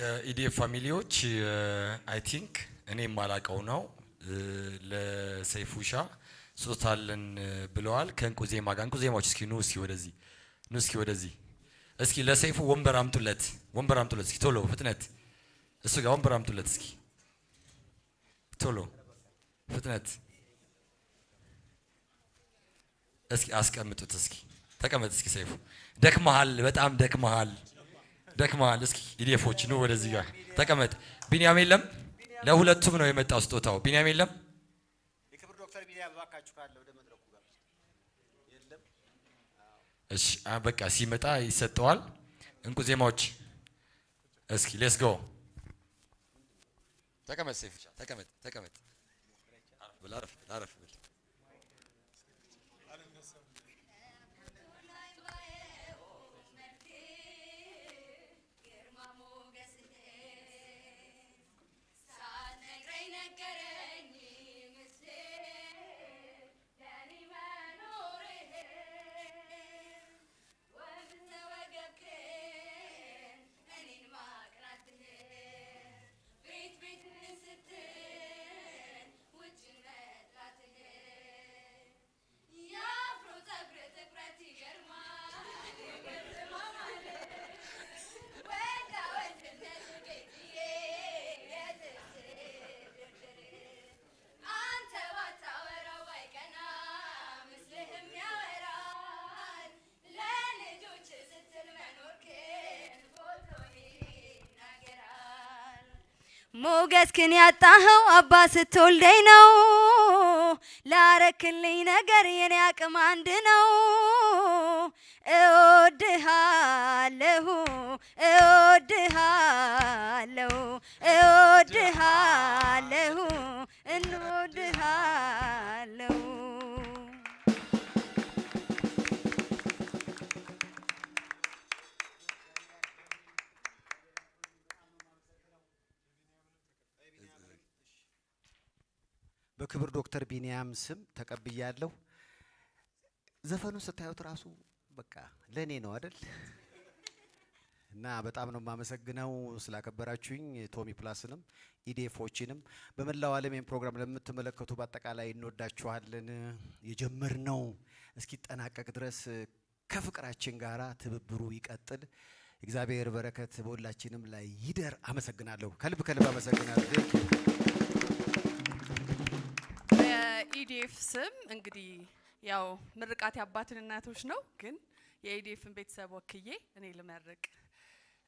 የኢዴ ፋሚሊዎች አይ ቲንክ እኔ የማላቀው ነው። ለሰይፉሻ ሶታልን ብለዋል። ከእንቁ ዜማ ጋር እንቁ ዜማዎች እስኪ ኑ እስኪ ወደዚህ ኑ እስኪ ወደዚህ እስኪ ለሰይፉ ወንበር አምጡለት፣ ወንበር አምጡለት እስኪ ቶሎ ፍጥነት፣ እሱ ጋር ወንበር አምጡለት እስኪ ቶሎ ፍጥነት። እስኪ አስቀምጡት እስኪ ተቀመጥ እስኪ ሰይፉ ደክመሃል፣ በጣም ደክመሃል። ደክመሃል። እስኪ ኢዴፎች ኑ ወደዚህ ጋር ተቀመጥ። ቢንያም የለም፣ ለሁለቱም ነው የመጣው ስጦታው። ቢንያም የለም፣ እሺ በቃ ሲመጣ ይሰጠዋል። እንቁ ዜማዎች እስኪ ሌስ ጎ። ተቀመጥ ሴፍ፣ ተቀመጥ፣ ተቀመጥ ሞገስ ክን ያጣኸው አባ ስትወልደኝ ነው። ላረክልኝ ነገር የኔ አቅም አንድ ነው። እወድሃለሁ እወድሃለሁ እወድሃ በክብር ዶክተር ቢንያም ስም ተቀብያለሁ። ዘፈኑ ስታዩት ራሱ በቃ ለእኔ ነው አደል እና በጣም ነው የማመሰግነው ስላከበራችሁኝ። ቶሚ ፕላስንም ኢዴፎችንም በመላው ዓለም ፕሮግራም ለምትመለከቱ በአጠቃላይ እንወዳችኋለን። የጀመርነው እስኪጠናቀቅ ድረስ ከፍቅራችን ጋራ ትብብሩ ይቀጥል። እግዚአብሔር በረከት በሁላችንም ላይ ይደር። አመሰግናለሁ። ከልብ ከልብ አመሰግናለሁ። በኢዲኤፍ ስም እንግዲህ ያው ምርቃት የአባትን እናቶች ነው፣ ግን የኢዲኤፍን ቤተሰብ ወክዬ እኔ ልመርቅ።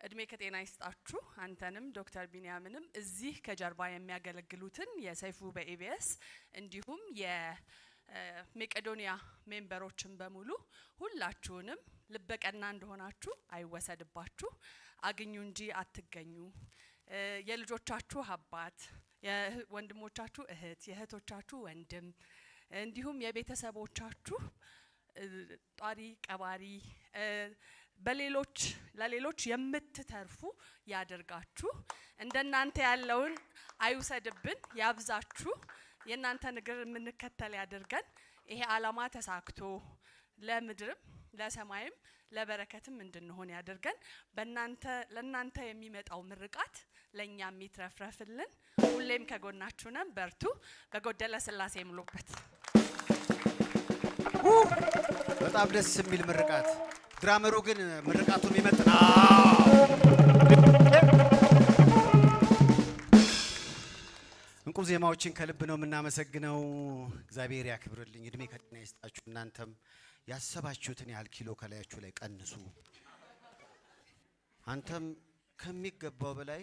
እድሜ ከጤና ይስጣችሁ። አንተንም ዶክተር ቢንያምንም እዚህ ከጀርባ የሚያገለግሉትን የሰይፉ በኢቢኤስ እንዲሁም የሜቄዶኒያ ሜምበሮችን በሙሉ ሁላችሁንም ልበቀና እንደሆናችሁ አይወሰድባችሁ። አግኙ እንጂ አትገኙ። የልጆቻችሁ አባት የወንድሞቻችሁ እህት፣ የእህቶቻችሁ ወንድም እንዲሁም የቤተሰቦቻችሁ ጧሪ ቀባሪ በሌሎች ለሌሎች የምትተርፉ ያደርጋችሁ። እንደናንተ ያለውን አይውሰድብን፣ ያብዛችሁ። የእናንተን እግር የምንከተል ያደርገን። ይሄ ዓላማ ተሳክቶ ለምድርም ለሰማይም ለበረከትም እንድንሆን ያደርገን። በእናንተ ለእናንተ የሚመጣው ምርቃት ለእኛ የሚትረፍረፍልን ሁሌም ከጎናችሁ ነን። በርቱ። በጎደለ ስላሴ ምሎበት በጣም ደስ የሚል ምርቃት። ድራመሩ ግን ምርቃቱን የሚመጥና እንቁ ዜማዎችን ከልብ ነው የምናመሰግነው። እግዚአብሔር ያክብርልኝ፣ እድሜ ከጤና ይስጣችሁ። እናንተም ያሰባችሁትን ያህል ኪሎ ከላያችሁ ላይ ቀንሱ። አንተም ከሚገባው በላይ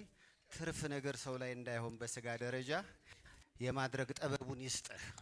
ትርፍ ነገር ሰው ላይ እንዳይሆን በስጋ ደረጃ የማድረግ ጥበቡን ይስጥህ።